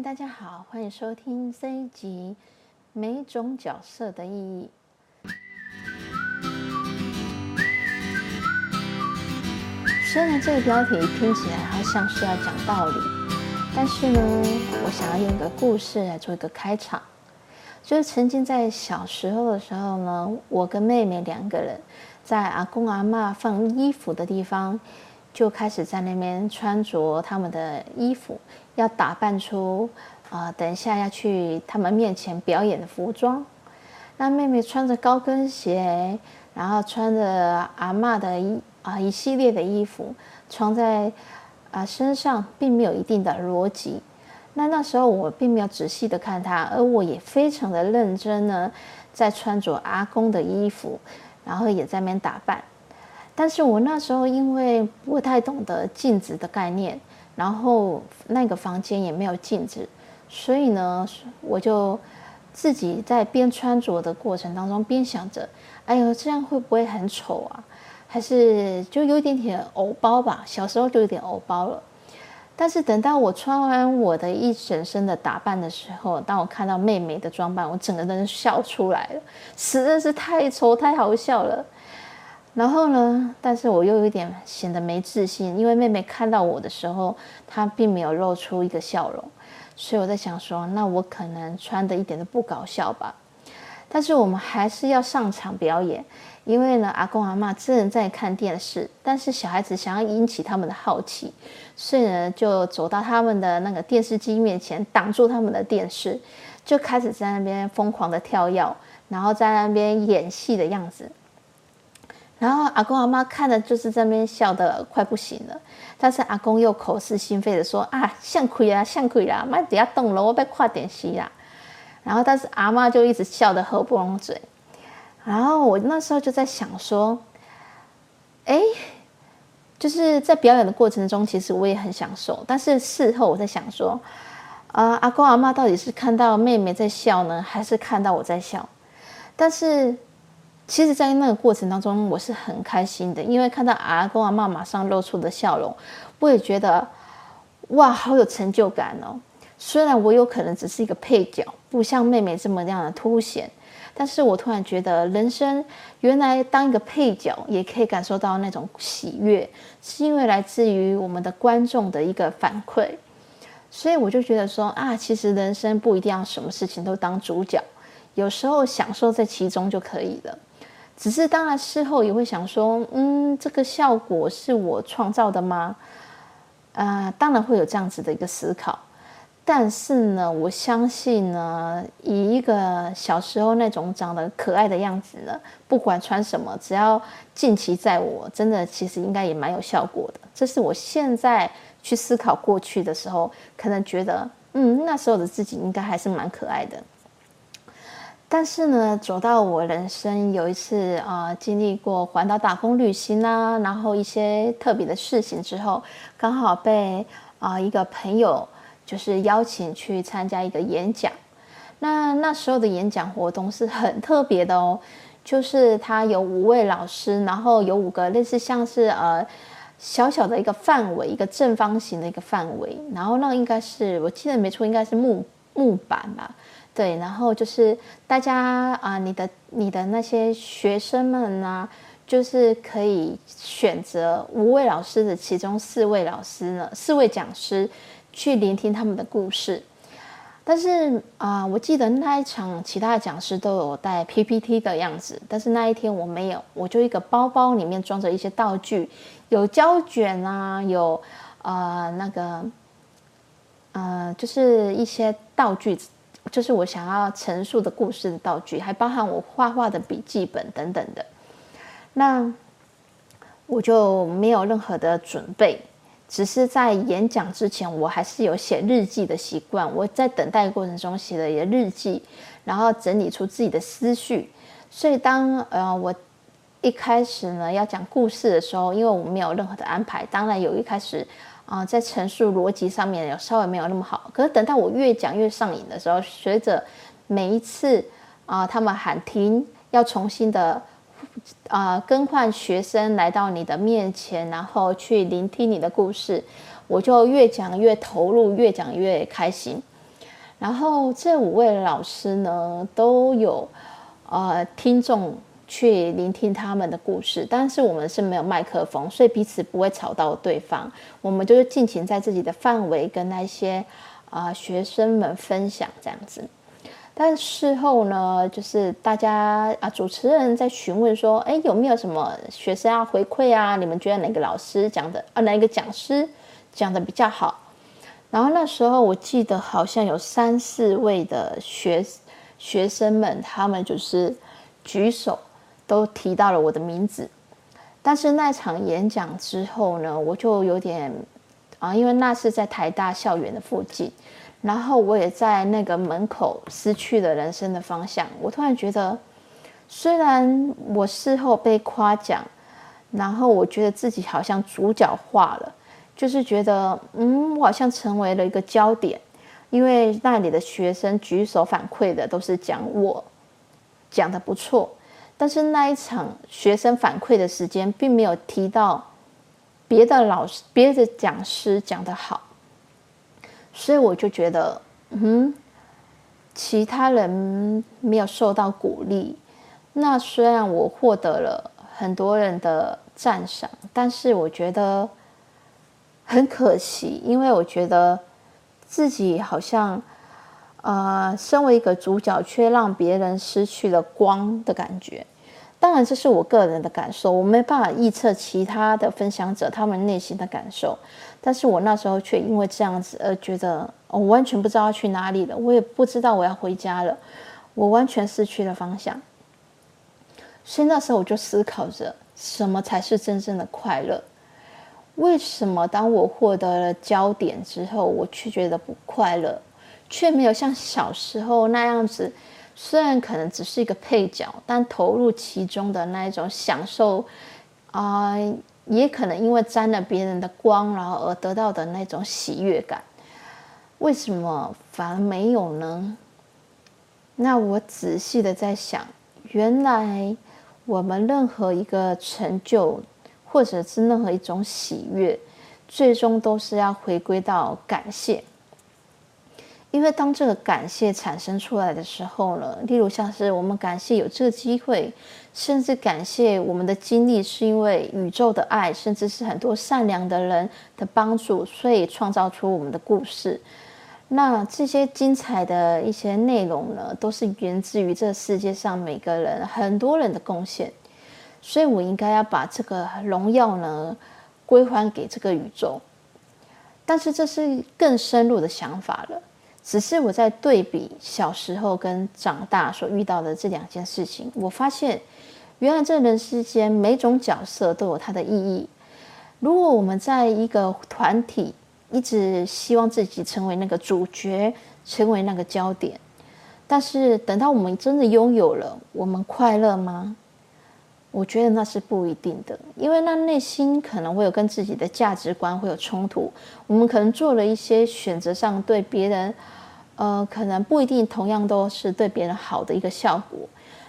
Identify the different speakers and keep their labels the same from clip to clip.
Speaker 1: 大家好，歡迎收聽這一集《每種角色的意義》。雖然這個標題聽起來好像是要講道理，但是呢，我想要用一個故事來做一個開場。就是曾經在小時候的時候呢，我跟妹妹兩個人在阿公阿媽放衣服的地方，就開始在那邊穿着他們的衣服。要打扮出啊、呃，等一下要去他們面前表演的服裝。那妹妹穿着高跟鞋，然後穿着阿嬤的啊一、呃、一系列的衣服穿在啊、呃、身上，並沒有一定的邏輯。那那時候我並沒有仔細的看她，而我也非常的認真呢，在穿着阿公的衣服，然後也在那邊打扮。但是我那時候因為不太懂得鏡子的概念。然後那個房間也沒有鏡子，所以呢，我就自己在邊穿着的過程當中邊想着，哎呦，這樣會不會很醜啊？還是就有一點點偶包吧？小時候就有點偶包了。但是等到我穿完我的一整身的打扮的時候，當我看到妹妹的裝扮，我整個人笑出來了，實在是太醜太好笑了。然後呢，但是我又有一點顯得沒自信，因為妹妹看到我的時候，她並沒有露出一個笑容。所以我在想說，那我可能穿的一點都不搞笑吧。但是我們還是要上場表演，因為呢，阿公阿嬤正在看電視，但是小孩子想要引起他們的好奇，所以呢，就走到他們的那個電視機面前，擋住他們的電視，就開始在那邊瘋狂的跳躍，然後在那邊演戲的樣子。然後阿公阿媽看了就是這邊笑得快不行了，但是阿公又口是心非的說，啊，像虧啦，像虧啦，媽等下動了，我被跨點西啦。然後但是阿媽就一直笑得合不攏嘴。然後我那時候就在想說，哎、欸，就是在表演的過程中，其實我也很享受。但是事後我在想說，啊、呃、阿公阿媽到底是看到妹妹在笑呢，還是看到我在笑？但是。其實，在那個過程當中，我是很開心的，因為看到阿公阿嬤馬上露出的笑容，我也覺得，哇，好有成就感哦！雖然我有可能只是一個配角，不像妹妹這麼樣的凸顯，但是我突然覺得，人生原來當一個配角也可以感受到那種喜悅，是因為來自於我們的觀眾的一個反饋，所以我就覺得說啊，其實人生不一定要什麼事情都當主角，有時候享受在其中就可以了。只是當然，事後也會想說，嗯，這個效果是我創造的嗎？啊、呃，當然會有這樣子的一個思考。但是呢，我相信呢，以一個小時候那種長得可愛的樣子呢，不管穿什麼，只要盡其在我真的，其實應該也蠻有效果的。這是我現在去思考過去的時候，可能覺得，嗯，那時候的自己應該還是蠻可愛的。但是呢，走到我人生有一次啊、呃，經歷過環島打工旅行啊，然後一些特別的事情之後，剛好被啊、呃、一個朋友就是邀請去參加一個演講。那那時候的演講活動是很特別的哦，就是他有五位老師，然後有五個類似像是呃小小的一個範圍，一個正方形的一個範圍，然後那應該是我記得沒錯，應該是木木板吧。對，然後就是大家啊、呃，你的你的那些學生們呢，就是可以選擇五位老師的其中四位老師呢，四位講師去聆聽他們的故事。但是啊、呃，我記得那一場其他的講師都有帶 PPT 的樣子，但是那一天我沒有，我就一個包包裡面裝着一些道具，有膠卷啊，有呃那個呃，就是一些道具。就是我想要陳述的故事的道具，還包含我畫畫的筆記本等等的。那我就沒有任何的準備，只是在演講之前，我還是有寫日記的習慣。我在等待的過程中寫了一些日記，然後整理出自己的思緒。所以當呃我一開始呢要講故事的時候，因為我沒有任何的安排，當然有一開始。啊、呃，在陳述邏輯上面有稍微沒有那麼好，可是等到我越講越上癮的時候，隨着每一次啊、呃，他們喊停，要重新的啊、呃、更換學生來到你的面前，然後去聆聽你的故事，我就越講越投入，越講越開心。然後這五位老師呢，都有啊、呃、聽眾。去聆聽他們的故事，但是我們是沒有麥克風，所以彼此不會吵到對方。我們就是盡情在自己的範圍跟那些啊、呃、學生們分享這樣子。但事後呢，就是大家啊主持人在詢問說：“誒、欸，有沒有什麼學生要回饋啊？你們覺得哪個老師講的啊，哪一個講師講的比較好？”然後那時候我記得好像有三四位的學學生們，他們就是舉手。都提到了我的名字，但是那場演講之後呢，我就有點啊，因為那是在台大校園的附近，然後我也在那個門口失去了人生的方向。我突然覺得，雖然我事後被誇獎，然後我覺得自己好像主角化了，就是覺得嗯，我好像成為了一個焦點，因為那裡的學生舉手反饋的都是講我講得不錯。但是那一場學生反饋的時間，並沒有提到別的老師、別的講師講得好，所以我就覺得，嗯，其他人沒有受到鼓勵。那雖然我獲得了很多人的讚賞，但是我覺得很可惜，因為我覺得自己好像。啊、呃，身為一個主角，卻讓別人失去了光的感覺。當然，這是我個人的感受，我沒辦法預測其他的分享者他們內心的感受。但是我那時候卻因為這樣子，而覺得、哦、我完全不知道要去哪裡了，我也不知道我要回家了，我完全失去了方向。所以那時候我就思考着，什麼才是真正的快樂？為什麼當我獲得了焦點之後，我卻覺得不快樂？卻沒有像小時候那樣子，雖然可能只是一個配角，但投入其中的那一種享受，啊，也可能因為沾了別人的光，然後而得到的那種喜悅感，為什麼反而沒有呢？那我仔細的在想，原來我們任何一個成就，或者是任何一種喜悅，最終都是要回歸到感謝。因為當這個感謝產生出來的時候呢，例如像是我們感謝有這個機會，甚至感謝我們的經歷是因為宇宙的愛，甚至是很多善良的人的幫助，所以創造出我們的故事。那這些精彩的一些內容呢，都是源自於這世界上每個人，很多人的貢獻，所以我應該要把這個榮耀呢歸還給這個宇宙。但是這是更深入的想法了。只是我在對比小時候跟長大所遇到的這兩件事情，我發現，原來這人世間每種角色都有它的意義。如果我們在一個團體一直希望自己成為那個主角，成為那個焦點，但是等到我們真的擁有了，我們快樂嗎？我覺得那是不一定的，因為那內心可能會有跟自己的價值觀會有衝突。我們可能做了一些選擇上對別人，呃，可能不一定同樣都是對別人好的一個效果。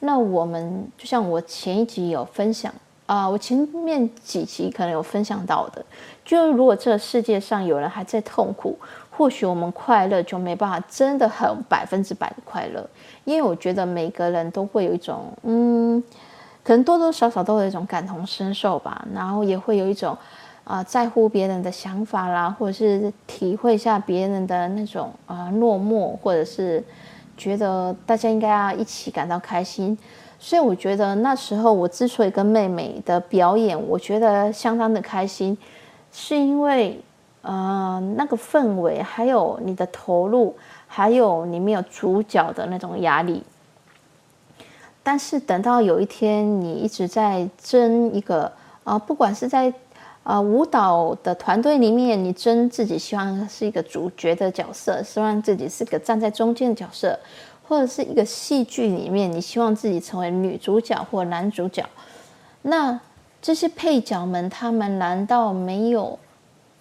Speaker 1: 那我們就像我前一集有分享啊，呃，我前面幾集可能有分享到的，就如果這個世界上有人還在痛苦，或許我們快樂就沒辦法真的很百分之百的快樂。因為我覺得每個人都會有一種嗯。可能多多少少都有一種感同身受吧，然後也會有一種啊、呃、在乎別人的想法啦，或者是體會一下別人的那種啊、呃、落寞，或者是覺得大家應該要一起感到開心。所以我覺得那時候我之所以跟妹妹的表演，我覺得相當的開心，是因為呃那個氛圍，還有你的投入，還有你沒有主角的那種壓力。但是等到有一天，你一直在爭一個啊、呃，不管是在啊、呃、舞蹈的團隊裡面，你爭自己希望是一個主角的角色，希望自己是個站在中間的角色，或者是一個戲劇裡面，你希望自己成為女主角或男主角。那這些配角們，他們難道沒有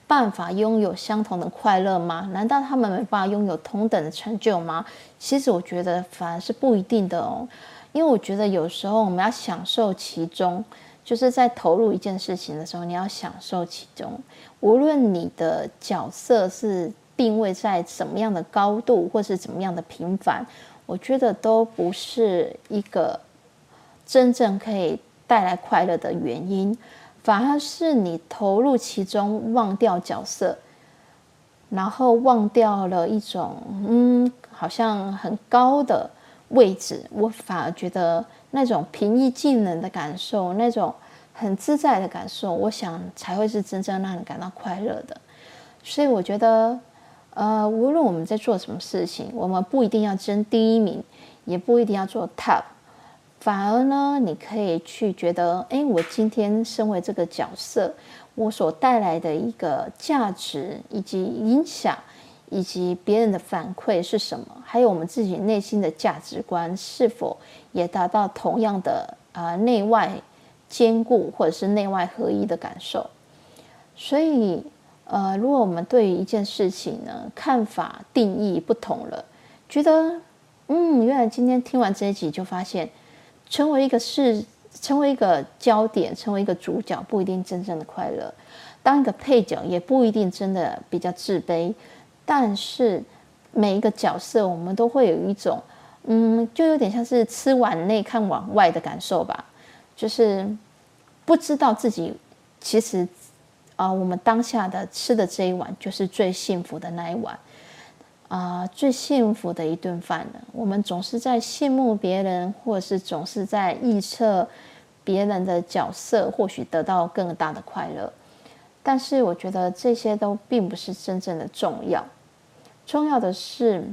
Speaker 1: 辦法擁有相同的快樂嗎？難道他們沒辦法擁有同等的成就嗎？其實我覺得反而是不一定的哦、喔。因為我覺得有時候我們要享受其中，就是在投入一件事情的時候，你要享受其中。無論你的角色是定位在什麼樣的高度，或是怎麼樣的平凡，我覺得都不是一個真正可以帶來快樂的原因，反而是你投入其中，忘掉角色，然後忘掉了一種嗯，好像很高的。位置，我反而覺得那種平易近人的感受，那種很自在的感受，我想才會是真正讓你感到快樂的。所以我覺得，呃，無論我們在做什麼事情，我們不一定要爭第一名，也不一定要做 top，反而呢，你可以去覺得，哎、欸，我今天身為這個角色，我所帶來的一個價值以及影響。以及別人的反饋是什麼？還有我們自己內心的價值觀是否也達到同樣的啊內外兼顧或者是內外合一的感受？所以，呃，如果我們對於一件事情呢，看法定義不同了，覺得嗯，原來今天聽完這一集就發現，成為一個事，成為一個焦點，成為一個主角不一定真正的快樂，當一個配角也不一定真的比較自卑。但是每一個角色，我們都會有一種，嗯，就有點像是吃碗內看碗外的感受吧，就是不知道自己其實啊、呃，我們當下的吃的這一碗就是最幸福的那一碗啊、呃，最幸福的一頓飯呢。我們總是在羨慕別人，或者是總是在預測別人的角色或許得到更大的快樂。但是我覺得這些都並不是真正的重要。重要的是，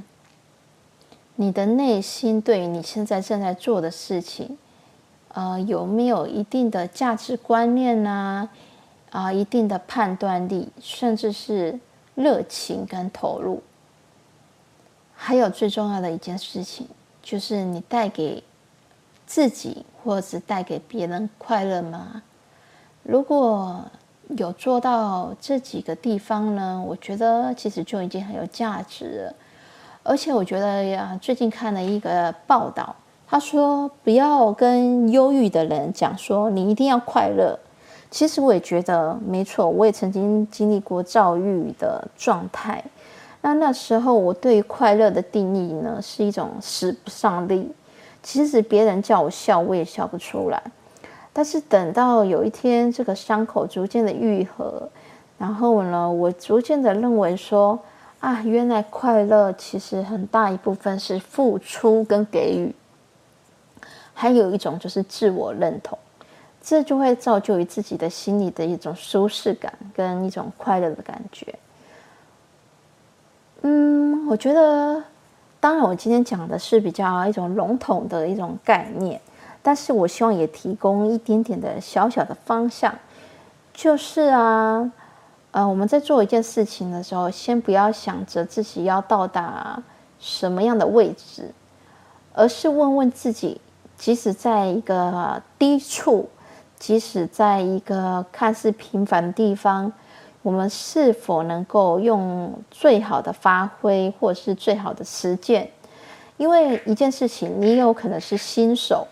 Speaker 1: 你的內心對於你現在正在做的事情，呃，有沒有一定的價值觀念呢、啊？啊、呃，一定的判斷力，甚至是熱情跟投入。還有最重要的一件事情，就是你帶給自己，或者是帶給別人快樂嗎？如果有做到這幾個地方呢，我覺得其實就已經很有價值了。而且我覺得呀，最近看了一個報道，他說不要跟憂鬱的人講說你一定要快樂。其實我也覺得沒錯，我也曾經經歷過躁鬱的狀態。那那時候我對快樂的定義呢，是一種使不上力。其實別人叫我笑，我也笑不出來。但是等到有一天，這個傷口逐漸的愈合，然後呢，我逐漸的認為說，啊，原來快樂其實很大一部分是付出跟給予，還有一種就是自我認同，這就會造就於自己的心裡的一種舒適感跟一種快樂的感覺。嗯，我覺得，當然，我今天講的是比較一種籠統的一種概念。但是我希望也提供一點點的小小的方向，就是啊，呃，我們在做一件事情的時候，先不要想着自己要到達什麼樣的位置，而是問問自己，即使在一個低處，即使在一個看似平凡的地方，我們是否能夠用最好的發揮，或是最好的實踐？因為一件事情，你有可能是新手。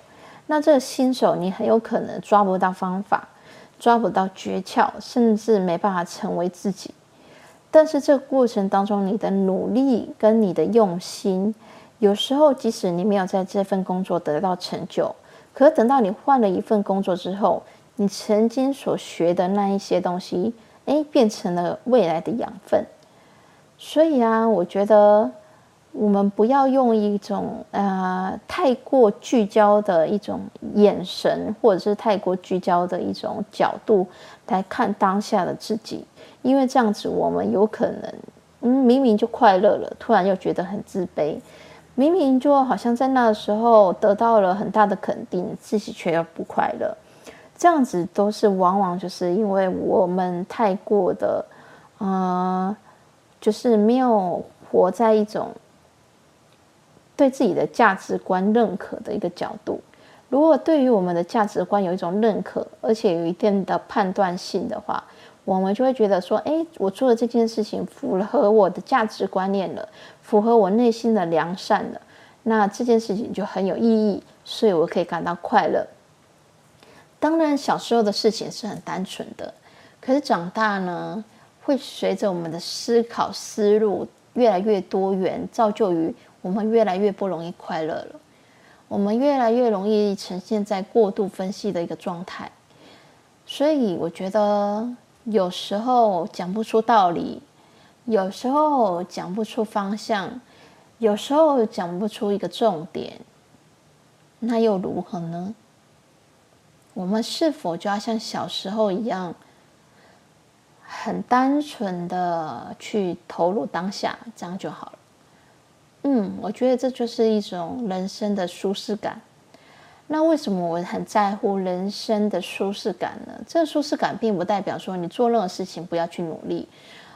Speaker 1: 那這個新手，你很有可能抓不到方法，抓不到訣竅，甚至沒辦法成為自己。但是這個過程當中，你的努力跟你的用心，有時候即使你沒有在這份工作得到成就，可等到你換了一份工作之後，你曾經所學的那一些東西，哎、欸，變成了未來的養分。所以啊，我覺得。我們不要用一種呃太過聚焦的一種眼神，或者是太過聚焦的一種角度來看當下的自己，因為這樣子我們有可能，嗯，明明就快樂了，突然又覺得很自卑；明明就好像在那時候得到了很大的肯定，自己卻又不快樂。這樣子都是往往就是因為我們太過的，呃，就是沒有活在一種。對自己的價值觀認可的一個角度，如果對於我們的價值觀有一種認可，而且有一定的判斷性的話，我們就會覺得說：“誒，我做的這件事情符合我的價值觀念了，符合我內心的良善了，那這件事情就很有意義，所以我可以感到快樂。”當然，小時候的事情是很單純的，可是長大呢，會隨着我們的思考思路越來越多元，造就於。我們越來越不容易快樂了，我們越來越容易呈現在過度分析的一個狀態。所以我覺得，有時候講不出道理，有時候講不出方向，有時候講不出一個重點，那又如何呢？我們是否就要像小時候一樣，很單純的去投入當下，這樣就好了？嗯，我覺得這就是一種人生的舒適感。那為什麼我很在乎人生的舒適感呢？這個舒適感並不代表說你做任何事情不要去努力，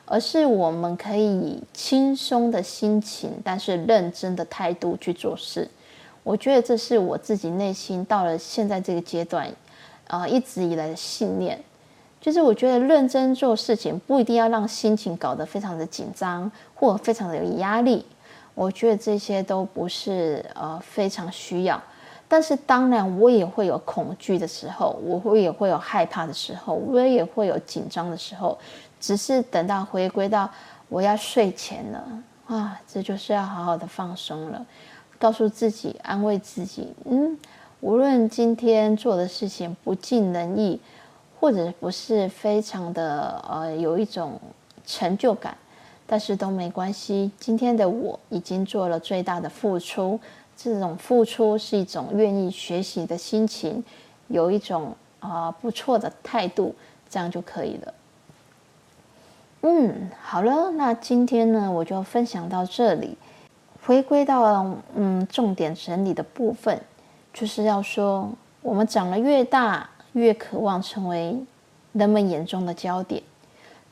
Speaker 1: 而是我們可以以輕鬆的心情，但是認真的態度去做事。我覺得這是我自己內心到了現在這個階段，啊、呃，一直以來的信念，就是我覺得認真做事情不一定要讓心情搞得非常的緊張，或非常的有壓力。我覺得這些都不是呃非常需要，但是當然我也會有恐懼的時候，我會也會有害怕的時候，我也會有緊張的時候，只是等到回歸到我要睡前了啊，這就是要好好的放鬆了，告訴自己，安慰自己，嗯，無論今天做的事情不盡人意，或者不是非常的呃有一種成就感。但是都沒關係，今天的我已經做了最大的付出，這種付出是一種願意學習的心情，有一種啊、呃、不錯的態度，這樣就可以了。嗯，好了，那今天呢，我就分享到這裡，回歸到嗯重點整理的部分，就是要說我們長得越大，越渴望成為人們眼中的焦點。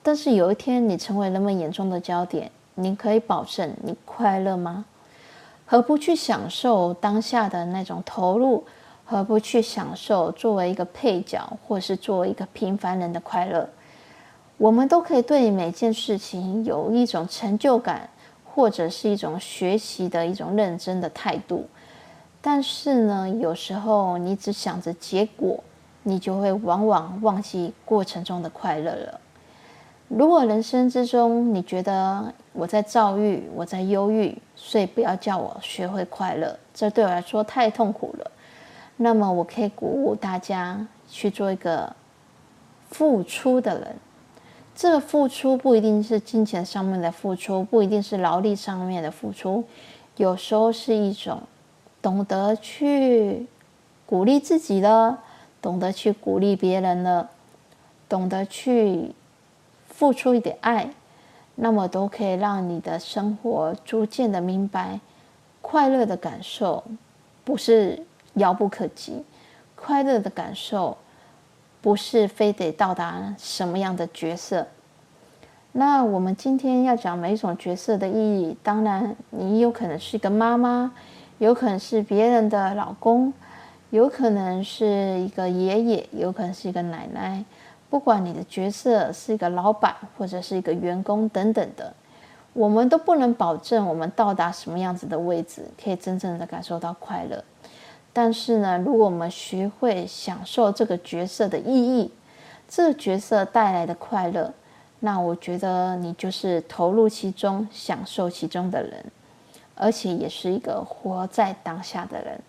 Speaker 1: 但是有一天你成為人們眼中的焦點，你可以保證你快樂嗎？何不去享受當下的那種投入？何不去享受作為一個配角，或是作為一個平凡人的快樂？我們都可以對每件事情有一種成就感，或者是一種學習的一種認真的態度。但是呢，有時候你只想着結果，你就會往往忘記過程中的快樂了。如果人生之中你覺得我在躁鬱，我在憂鬱，所以不要叫我學會快樂，這對我來說太痛苦了。那麼我可以鼓舞大家去做一個付出的人。這個付出不一定是金錢上面的付出，不一定是勞力上面的付出，有時候是一種懂得去鼓勵自己了，懂得去鼓勵別人了，懂得去。付出一點愛，那麼都可以讓你的生活逐漸的明白，快樂的感受不是遙不可及，快樂的感受不是非得到達什麼樣的角色。那我們今天要講每一種角色的意義，當然你有可能是一個媽媽，有可能是別人的老公，有可能是一個爺爺，有可能是一個奶奶。不管你的角色是一個老闆，或者是一個員工等等的，我們都不能保證我們到達什麼樣子的位置可以真正的感受到快樂。但是呢，如果我們學會享受這個角色的意義，這個角色帶來的快樂，那我覺得你就是投入其中、享受其中的人，而且也是一個活在當下的人。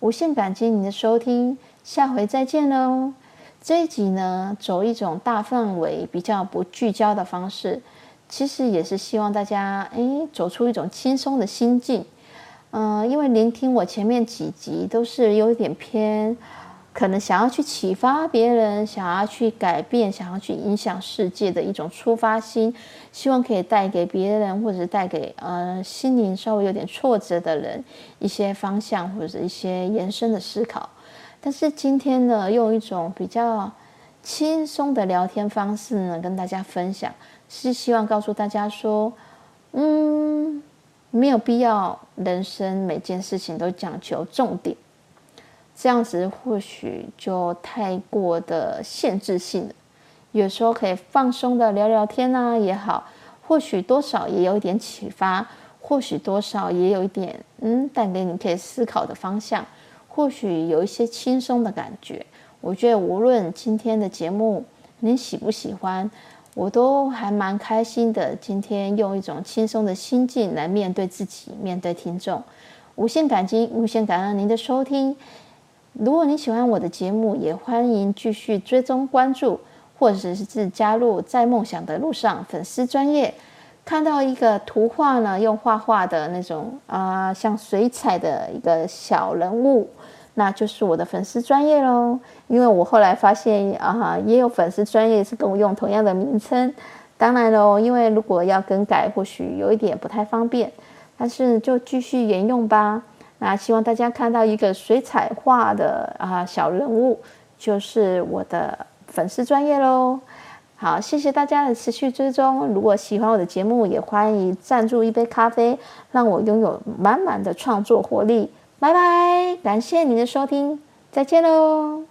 Speaker 1: 無限感激你的收聽，下回再見嘍。這一集呢，走一種大範圍、比較不聚焦的方式，其實也是希望大家哎、欸，走出一種輕鬆的心境。嗯、呃，因為聆聽我前面幾集都是有一點偏，可能想要去啟發別人，想要去改變，想要去影響世界的一種出發心，希望可以帶給別人，或者帶給呃心靈稍微有點挫折的人一些方向，或者一些延伸的思考。但是今天呢，用一種比較輕鬆的聊天方式呢，跟大家分享，是希望告訴大家說，嗯，沒有必要人生每件事情都講求重點，這樣子或許就太過的限制性了。有時候可以放鬆的聊聊天啊也好，或許多少也有一點啟發，或許多少也有一點嗯，帶給你可以思考的方向。或許有一些輕鬆的感覺。我覺得無論今天的節目您喜不喜歡，我都還蠻開心的。今天用一種輕鬆的心境來面對自己，面對聽眾，無限感激，無限感恩您的收聽。如果您喜歡我的節目，也歡迎繼續追蹤關注，或者是是加入在夢想的路上粉絲專頁。看到一個圖畫呢，用畫畫的那種啊、呃，像水彩的一個小人物，那就是我的粉絲專頁嘍。因為我後來發現啊、呃，也有粉絲專頁是跟我用同樣的名稱。當然嘍，因為如果要更改，或許有一點不太方便，但是就繼續沿用吧。那希望大家看到一個水彩畫的啊、呃、小人物，就是我的粉絲專頁嘍。好，謝謝大家的持續追蹤。如果喜歡我的節目，也歡迎贊助一杯咖啡，讓我擁有滿滿的創作活力。拜拜，感謝您的收聽，再見嘍！